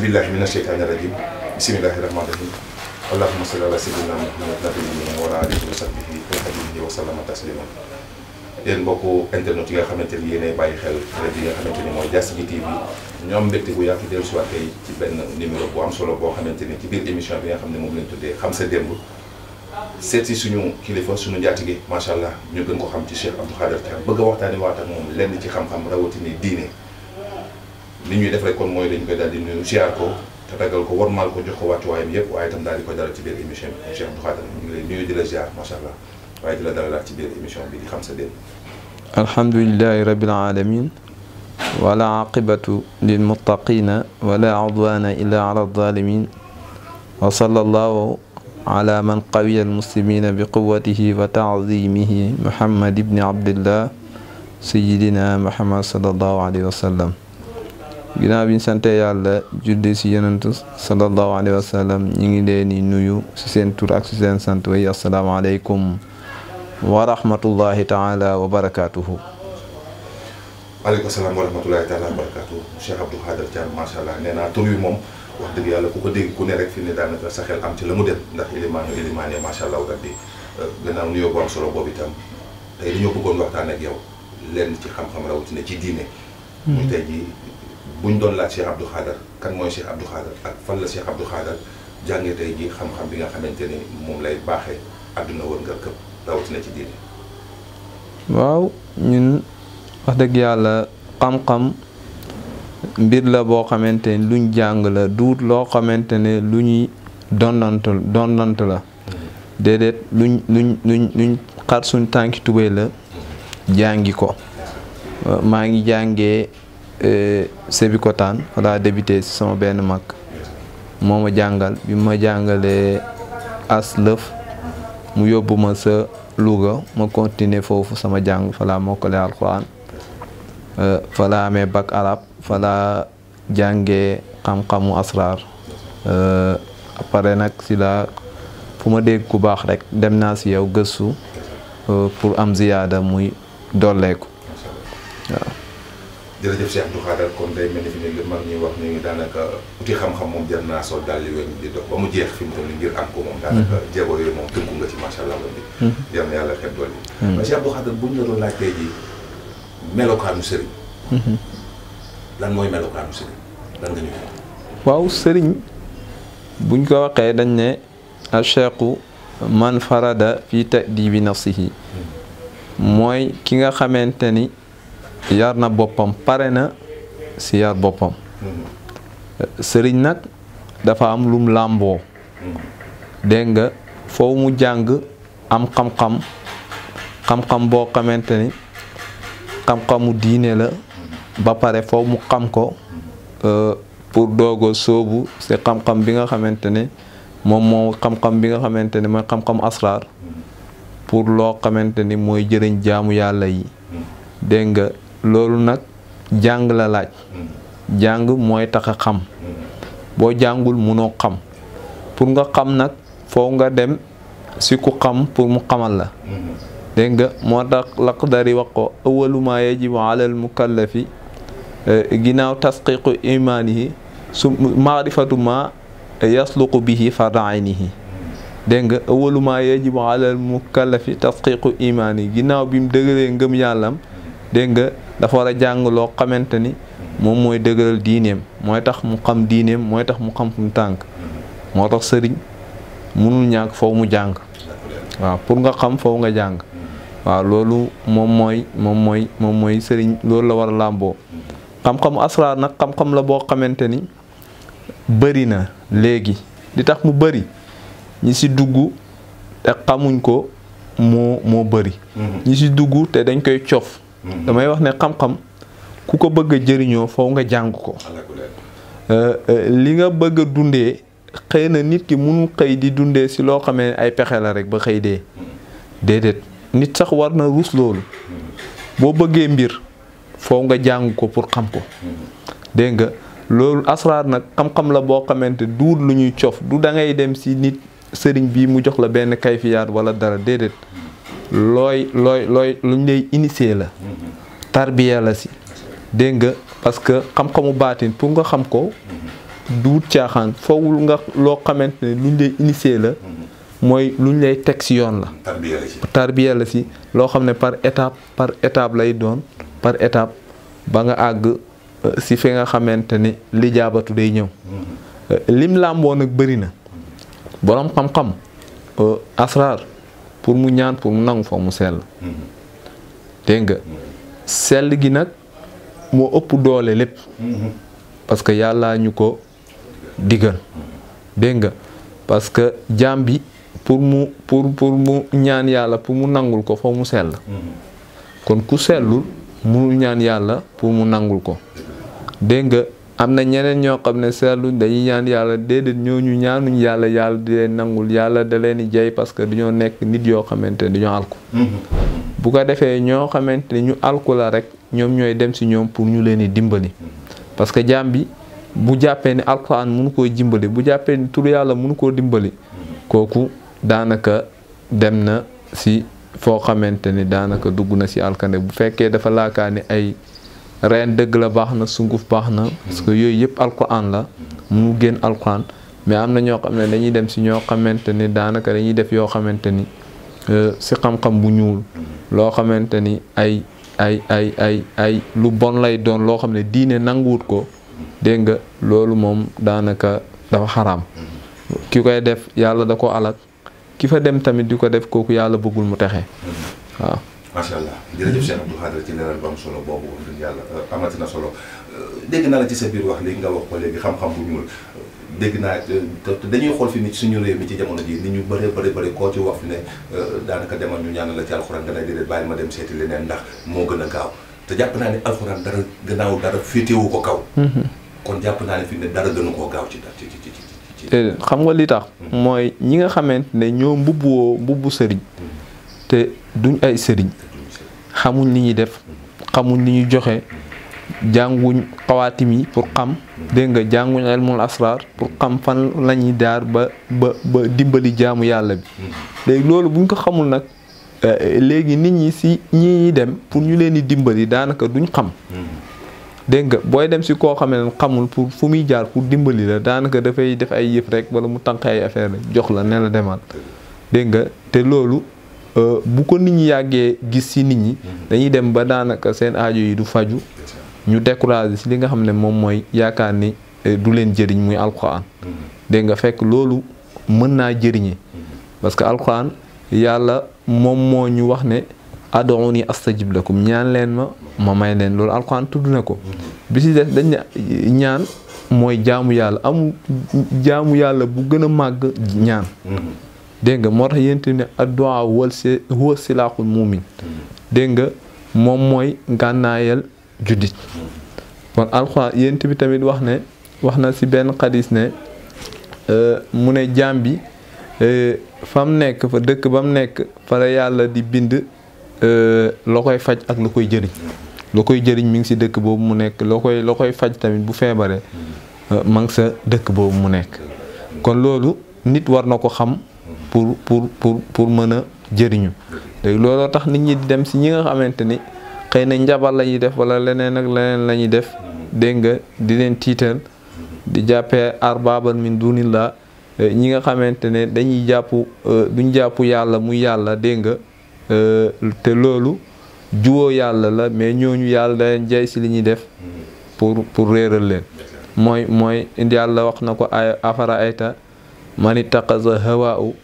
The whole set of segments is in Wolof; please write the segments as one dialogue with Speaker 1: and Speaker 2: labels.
Speaker 1: أعوذ بالله من الشيطان الرجيم بسم الله الرحمن الرحيم اللهم صل على سيدنا محمد نبينا وعلى آله وصحبه وخدمه وسلم تسليما yéen mbokku internet yi nga xamante ni yéenay bàyyi xel rajo yi nga xamante ni mooy Diassigui TV ñoom mbégte bu yàgg dellu si waat tey ci benn numéro bu am solo boo xamante ni ci biir émission bi nga xam ne moom lañ tuddee xam sa démb seet si suñu kilifa suñu njaatige macha allah ñu gën ko xam ci Cheikh Abdou Khader Thiam bëgg a waxtaani waat ak moom lenn ci xam-xam rawatini diine li ñuy def rek kon mooy dañ koy daal di nuyu ziar ko te ragal ko warmaal ko jox ko wàccuwaayam yëpp waaye itam daal di koy dalal ci biir émission bi Cheikh Abdou Khadre ñu ngi lay nuyu di la ziar macha allah waaye di la dalalaat ci biir émission bi di xam sa déet.
Speaker 2: alhamdulilahi rabbil alamin wala aqibatu lilmuttaqina wala udwana illa ala alzalimin wa sala allahu ala man qawiya almuslimina biquwatihi wa taazimihi muhammad ibni abdillah sayidina muhammad sal allahu alayhi wa sallam ginnaaw bi ñu sante yàlla julli si yonent sallallahu alayhi wa sallam ñu ngi leen di nuyu si seen tur ak si seen sant way asalaamaaleykum wa rahmatullahi taala wa barakaatuhu
Speaker 1: aleykum salaam wa rahmatullahi taala wa barakaatuhu Cheikh Abdou Khader Thiam macha allah nee naa tur wi moom wax dëgg yàlla ku ko dégg ku ne rek fi ne daanaka sa xel am ci la mu dem ndax ilimaanu ilimaane macha allah rabbi gannaaw nuyoo bu am solo boobu itam tey dañoo bëggoon waxtaan ak yow lenn ci xam-xam rawatina ci diine muy tey jii bu ñu doon laaj Cheikh Abdou Khader kan mooy Cheikh Abdou Khader ak la Cheikh Abdou Khader jàngee tey jii xam-xam bi nga xamante ni moom lay baaxee àdduna wërngal këpp rawatina ci diine.
Speaker 2: waaw ñun wax dëgg yàlla xam-xam mbir la boo xamante ni luñ jàng la duut loo xamante ne lu ñuy donnant donnant la. Mm-hmm. déedéet luñ luñ luñ luñ xar suñ tànki tubéy la mm-hmm. jàngi ko maa ngi jàngee. Euh, Sébikotane fa laa débuté si sama benn mag moo ma jàngal bi ma jàngalee as mu yóbbu ma sa Louga ma continuer foofu sama jàng fa laa mokkale alxuraan euh, fa laa amee bac arab fa laa jàngee xam-xamu asraar euh, après nag si la fu ma dégg ku baax rek dem naa si yow gëstu pour am ziyaada muy dolleeku waaw
Speaker 1: jërëjëf Cheikh Abdou Khadre kon day mel ni fi ne li mag ñuy wax ni daanaka uti xam-xam moom jar naa sol daal li weñ ba mu jeex fi mu ngir am ko moom mhm. daanaka jéego yooyu moom tënku nga ci macha allah bi mhm.
Speaker 2: mhm.
Speaker 1: mooy melokaanu sëriñ
Speaker 2: waaw sëriñ buñ ko waxee dañ ne achequ man farada fi ta'dibi nafsihi mooy ki nga xamante ni yar na boppam pare na si yar boppam sëriñ nag dafa am lum làmboo dégg nga foo mu jàng am xam-xam xam-xam boo xamante ni xam-xamu diine la ba pare fow mu xam ko euh, pour doogo soobu si xam-xam bi nga xamante ne moom moo xam-xam bi nga xamante ne mooy xam-xam asraar pour loo xamante ni mooy jëriñ jaamu yàlla yi dégg loolu nag jàng la laaj jàng mooy tax a xam boo jàngul munoo xam pour nga xam nag foo nga dem si ku xam pour mu xamal la dégg nga moo tax laqdari wax ko awalu maa yajibu alal mukallafi eh, ginnaaw tasqiqu imaanihi su maarifatu ma yasluqu bihi farda aynihi dégg nga awalu maa yajibu alal mukallafi tasqiqu imaanihi ginnaaw bi mu dëgëree ngëm yàllam dégg dafa war a jàng loo xamante ni moom dinem dëgëral diineem tax mu xam dinem moy tax mu xam fu tank mo tax serign munu ñak fo mu jang wa pour nga xam fo nga jang wa lolu mom moy mom moy mom moy serign lolu la war lambo xam xam asrar nak xam-xam la bo xamanteni beuri na legi, di tax mu beuri ñi ci duggu te xamuñ ko mo mo beuri mm-hmm. ñi ci duggu te dañ koy ciof damay wax ne xam-xam ku ko bëgg a jëriñoo faw nga jàng ko euh, euh, li nga bëgg dundee xëy na nit ki mënul xëy di dundee si loo xamee ay pexe la rek ba xëy dee déedéet nit sax war na ruus loolu boo bëggee mbir foo nga jàng ko pour xam ko dégg nga loolu asraar nag xam-xam la boo xamante duur lu ñuy cof du da ngay dem si nit sëriñ bi mu jox la benn kayfiyaat wala dara déedéet Loy, loy, loy, luñ lay initier la mm-hmm. tarbiya la si deeng nga parce que xam-xamu batine pour nga xam ko mm-hmm. du tiaxan fawul nga lo xamantene luñ lay initier la mm-hmm. mooy luñ lay tek si yoon la tarbiya la si lo xamne par étape par étape lay doon par étape ba nga ag euh, si fi nga xamantene ne li jabatou day ñew euh, lim lam nag berina, na borom xam-xam euh, asrar pour mu ñaan pour mu nangu foog mu sell dégg nga sell gi nag moo ëpp doole lépp parce que yàllaa ñu ko digal dégg nga parce que jaam bi pour mu pour pour mu ñaan yàlla pour mu nangul ko foog mu sell kon ku sellul mënul ñaan yàlla pour mu nangul ko dégg am na ñeneen ñoo xam ne seetlu dañuy ñaan yàlla déedéet ñu ñaanuñ yàlla yàlla di leen nangul yàlla da leen di jey parce que dañoo nekk nit yoo xamante ne dañoo alku mm-hmm. bu ko defee ñoo xamante ne ñu alku rek ñoom ñooy dem si ñoom pour ñu leen di dimbali mm-hmm. parce que jaam bi bu jàppee ni alquran mënu koo dimbali bu jàppee ni tur yàlla mënu koo dimbali mm-hmm. kooku daanaka dem na si foo xamante ni daanaka dugg na si alkande bu fekkee dafa laakaa ni ay reen dëgg la baax na sunguf baax na parce que yooyu yëpp alquran la mu génn alquran mais am na ñoo xam ne dañuy dem si ñoo xamante ni daanaka dañuy def yoo xamante ni euh, si xam-xam bu ñuul loo xamante ni ay ay ay ay ay lu bon lay doon loo xam ne diine nanguwut ko dégg nga loolu moom daanaka dafa xaraam ki koy def yàlla da ko alak ki fa dem tamit di ko def kooku yàlla bëggul mu texe
Speaker 1: macha allah jërëjëf Cheikh Abdou Khadre ci leeral bu am solo boobu wax yàlla euh, amati na solo euh, dégg naa la ci sa biir wax léegi nga wax ko léegi xam-xam bu ñuul euh, dégg naa te dañuy xool fi ni suñu réew mi ci jamono ji ni ñu bëree bëri bëri koo ci wax fi ne daanaka demal ñu ñaan la ci alxuraan nga ne déedéet bàyyi ma dem seeti leneen ndax moo gën a gaaw te jàpp naa ne alxuraan dara gannaaw dara féetewu ko kaw. Mm-hmm. kon jàpp naa ne fi ne dara gënu koo gaaw ci ci ci
Speaker 2: eh, nga li tax. Mm-hmm. mooy ñi nga xamante ne ñoo mbubboo mbubbu te duñ ay sëriñ xamuñ li ñi def xamuñ li ñu joxé jànguñ qawatimi pour xam de nga jànguñ elmul asrar pour xam fan la daar ba ba dimbali jaamu yalla bi léegi loolu buñ ko xamul nak eh, léegi nit ñi si ñii ñi dem pour ñu leen di dimbali daanaka duñ xam dégg nga booy dem si ko xam xamul pour fu mi jaar pour dimbali la da fay def ay yef rek wala mu tanxay affaire jox la ne la demal dégg nga te loolu Euh, bu ko nit ñi yàggee gis si nit ñi mhm. dañuy dem ba daanaka seen ajo yi du faju ñu découragé si li nga xam ne moom mooy yaakaar ni euh, du leen jëriñ muy alquran mhm. dégg nga fekk loolu mën naa jëriñe mhm. parce que alquran yàlla moom moo ñu wax ne adooni astajib lakum ñaan leen ma ma may leen loolu alquran tudd na ko bi si des dañ ñaan mooy jaamu yàlla amul jaamu yàlla bu gën a màgg ñaan dégg nga moo tax yéen ne addu'a wal si huwa silaaxul muumin dégg nga moom mooy gànnaayal juddit kon alxuraan yéen bi tamit wax ne wax na si benn xadis ne euh, mu ne jaam bi euh, fa nekk fa dëkk ba mu nekk fa la yàlla di bind euh, loo koy faj ak loo koy jëriñ loo koy jëriñ mu ngi si dëkk boobu mu nekk loo koy loo koy faj tamit bu feebaree ma sa dëkk boobu mu nekk kon loolu nit war na ko xam pour pour pour pour mën a jëriñu léegi looloo tax nit ñi dem si ñi nga xamante ni xëy na njabal la ñuy def wala leneen ak leneen la ñuy def dégg nga di leen tiital di jàppee du min dunillah eh, ñi nga xamante ne dañuy jàpp eh, duñ jàpp yàlla muy yàlla dégg nga eh, te loolu juwoo yàlla la mais ñooñu yàlla da jay si li ñuy def pour pour réeral leen mooy mooy yàlla wax na ko ay afara ayta man ittaxaza hawaahu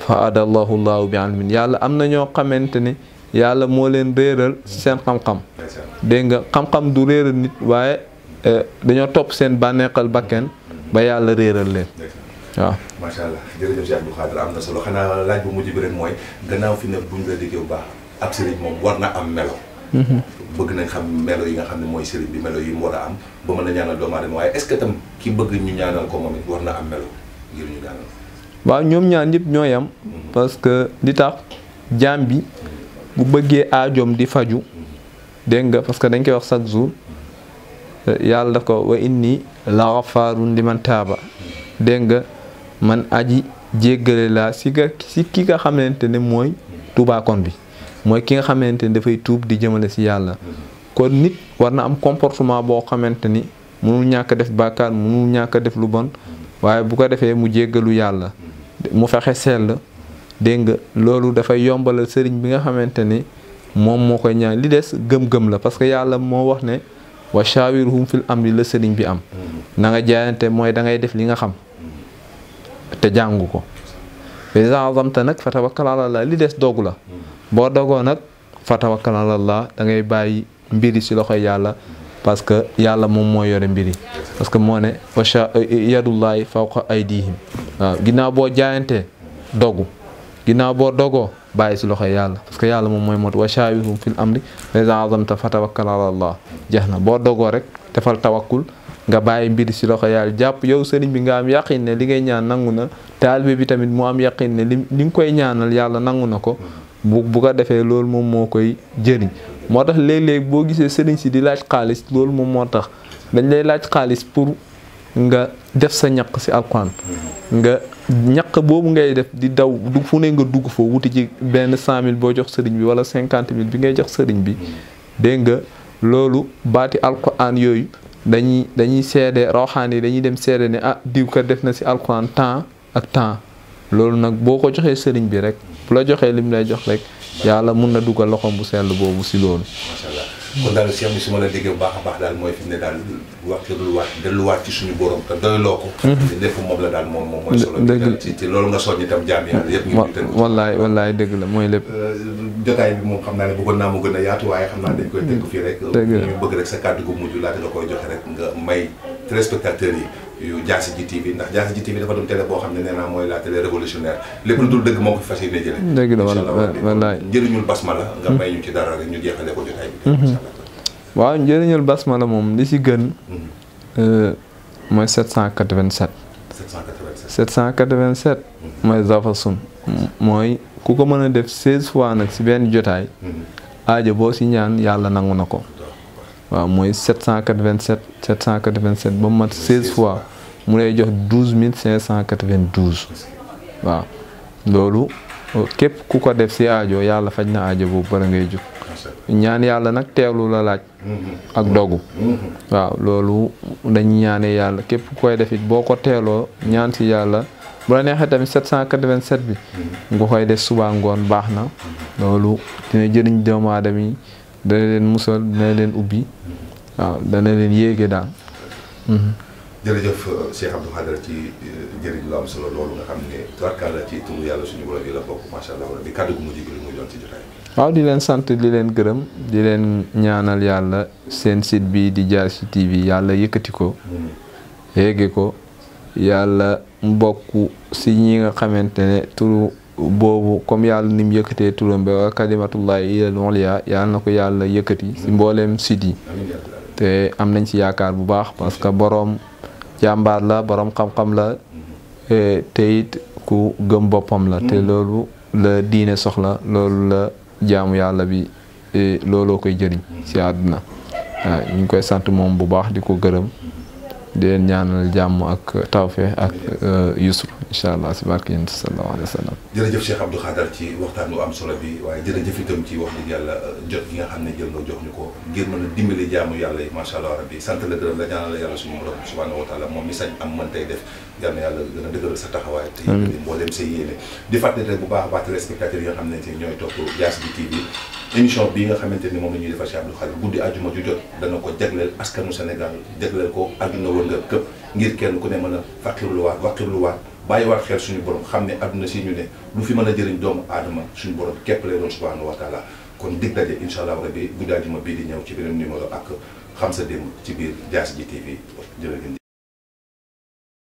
Speaker 2: fa adallahu llahu bi almin yàlla am na ñoo xamante ne yàlla moo leen réeral seen xam-xam dégg nga xam-xam du réeral nit waaye eh, dañoo topp seen bànneexal bakken ba yàlla réeral leen waaw
Speaker 1: macha allah jërëjëf Cheikh Abdou Khadre am na solo xanaa laaj bu mujj bi rek mooy gannaaw fi ne buñ la déggee bu baax ab sëriñ moom war na am melo mhm. bëgg nañ xam melo yi nga xam ne mooy sëriñ bi melo yi mu war a am ba mën a ñaanal doomu aadama waaye est que tam ki bëgg ñu ñaanal ko moom it war
Speaker 2: waaw ñoom ñaar ñëpp ñoo yam parce que li tax jaam bi bu bëggee aajom di faju dégg nga parce que dañ koy wax chaque jour yàlla daf ko wa inni la xafaarun liman dégg nga man aji jéggale laa si nga si ki nga xamante ne mooy tuubaakon bi mooy ki nga xamante ni dafay tuub di jëmale si yàlla kon nit war na am comportement boo xamante ni mënul ñàkk def bàkkaar mënul ñàkk def lu bon waaye bu ko defee mu jéggalu yàlla mu fexe sell dégg nga loolu dafay yombalal sëriñ bi nga xamante ni moom moo koy ñaan li des gëm-gëm la parce que yàlla moo wax ne wa shawirhum fil amri la sëriñ bi am mm-hmm. nanga jaayante mooy da ngay def li nga xam te jàngu ko te nag fa tawakkal ala li des dogu la mm-hmm. boo dogoo nag fa tawakkal ala Allah da ngay bàyyi mbiri si loxo yàlla parce que yàlla moom mooy yore mbir parce que moo ne wacha yadullahi fawqa aydihim waaw ginnaaw boo jaayantee dogu ginnaaw boo dogoo bàyyi si loxo yàlla parce que yàlla moom mooy mot wa shaawirhum fil amri fa iza azamta fa tawakkal ala jeex na boo dogoo rek defal tawakkul nga bàyyi mbir si loxo yàlla jàpp yow sëriñ bi nga am yaqin ne li ngay ñaan nangu na taalibe bi tamit mu am yaqin ne li nga koy ñaanal yàlla nangu na ko bu bu ko defee loolu moom moo koy jëriñ moo tax léeg-léeg boo gisee sëriñ si di laaj xaalis loolu moom moo tax dañ lay laaj xaalis pour nga def sa ñaq si alquran nga ñaq boobu ngay def di daw du fu ne nga dugg foo wuti ci benn cent mille boo jox sëriñ bi wala cinquante mille bi ngay jox sëriñ bi dégg nga loolu baati alquran yooyu dañuy dañuy seede rawxaan yi dañuy dem seede ne ah diw ka def na si alquran temps ak temps loolu nag boo ko joxee sëriñ bi rek bu la joxee lim lay jox rek yàlla mun na dugal loxoom bu sell boobu si loolu. macha allah
Speaker 1: kon daal Cheikh bi su ma la déggee bu baax a baax daal mooy fi mu ne daal waxteeluwaat delluwaat ci suñu borom te doyloo ko. Mhm. lépp moom la daal moom moom mooy ci loolu nga soññ itam jaam yàlla yëpp. ñu tënk
Speaker 2: wallaay wallaay dëgg la mooy lépp.
Speaker 1: Euh, jotaay bi moom xam naa ne bëggoon naa mu gën a yaatu waaye xam naa dañ koy tënk fii rek. dëgg la ñu bëgg rek sa kàddu gu mujj laata nga koy joxe rek nga may téléspectateurs yi yu Diassi Ji TV ndax Diassi Ji TV dafa doon télé boo xam ne nee naa mooy la télé révolutionnaire lépp lu dul dëgg moo ko fas yéene jëlee. dëgg la wallaay njëriñul basmala nga hmm. may ñu ci dara rek ñu jeexale ko jotaay bi. Hmm. incha
Speaker 2: allah waaw njëriñul basmala moom li si gën. Hmm. Euh, mooy 787. 787 787. mooy ku ko mën a def 16 fois nag si benn jotaay. aajo boo si ñaan yàlla nangu na ko. waaw mooy 787 787 ba mu mat 16 fois mu lay jox 12 592 waaw loolu képp ku ko def si aajo yàlla faj na aajo boobu bara ngay jóg ñaan yàlla nag teelu la laaj ak dogu waaw loolu dañ ñaanee yàlla képp ku koy def it boo ko teeloo ñaan si yàlla bu la neexee tamit 787 bi nga koy def subaa ngoon baax na loolu dina jëriñ doomu aadama dana leen musal dana leen ubbi waaw dana leen yéege daal. Mhm.
Speaker 1: Euh, euh, di
Speaker 2: waaw di leen sant di leen gërëm di leen ñaanal yàlla seen sit bi di Diassi TV yàlla yëkkati ko. Mm. yéege ko yàlla mbokk si ñi nga xamante ne turu. boobu comme yàlla ni mu yëkkatee turam ba wa kalimatullahi ilal ulya yàlla na ko yàlla yëkkati si mbooleem sit yi te am nañ ci yaakaar bu baax parce que boroom jàmbaar la boroom xam-xam la e, te it ku gëm boppam la te hmm. loolu la diine soxla loolu la jaamu yàlla bi e, looloo koy jëriñ si àdduna waaw ñu ngi koy sant moom bu baax di ko gërëm di leen ñaanal jàmm ak tawfeex ak euh, yusru incha allah si barke yonent sallallahu alayhi wa sallam
Speaker 1: jërëjëf Cheikh Abdou Khadar ci waxtaan bu am solo bi waaye jërëjëf itam ci wax dëgg yàlla euh, jot gi nga xam ne jël nga jox ñu ko ngir mën a dimbali jàmm yàlla yi macha allah rabbi sant la gërëm la ñaanal yàlla suñu borom subhanahu wa taala moom mi sañ am mën tey def yal na yàlla gën a dëgëral sa taxawaay te yëkkati mboolem sa yéene di fàttali rek bu baax a baax téléspectateurs yi nga xam ne te ñooy topp Dias bi TV émission bii nga xamante ni moom la ñuy defal Cheikh Abdou Khadre guddi àjjuma ju jot dana ko jagleel askanu Sénégal jagleel ko àdduna wërngal këpp ngir kenn ku ne mën a fàqirluwaat wàqirluwaat bàyyiwaat xel suñu borom xam ne àdduna si ñu ne lu fi mën a jëriñ doomu aadama suñu borom képp lay doon subhanahu wa taala kon dig daje incha allah rabbi guddi àjjuma bii di ñëw ci beneen numéro ak xam sa ci biir Dias ji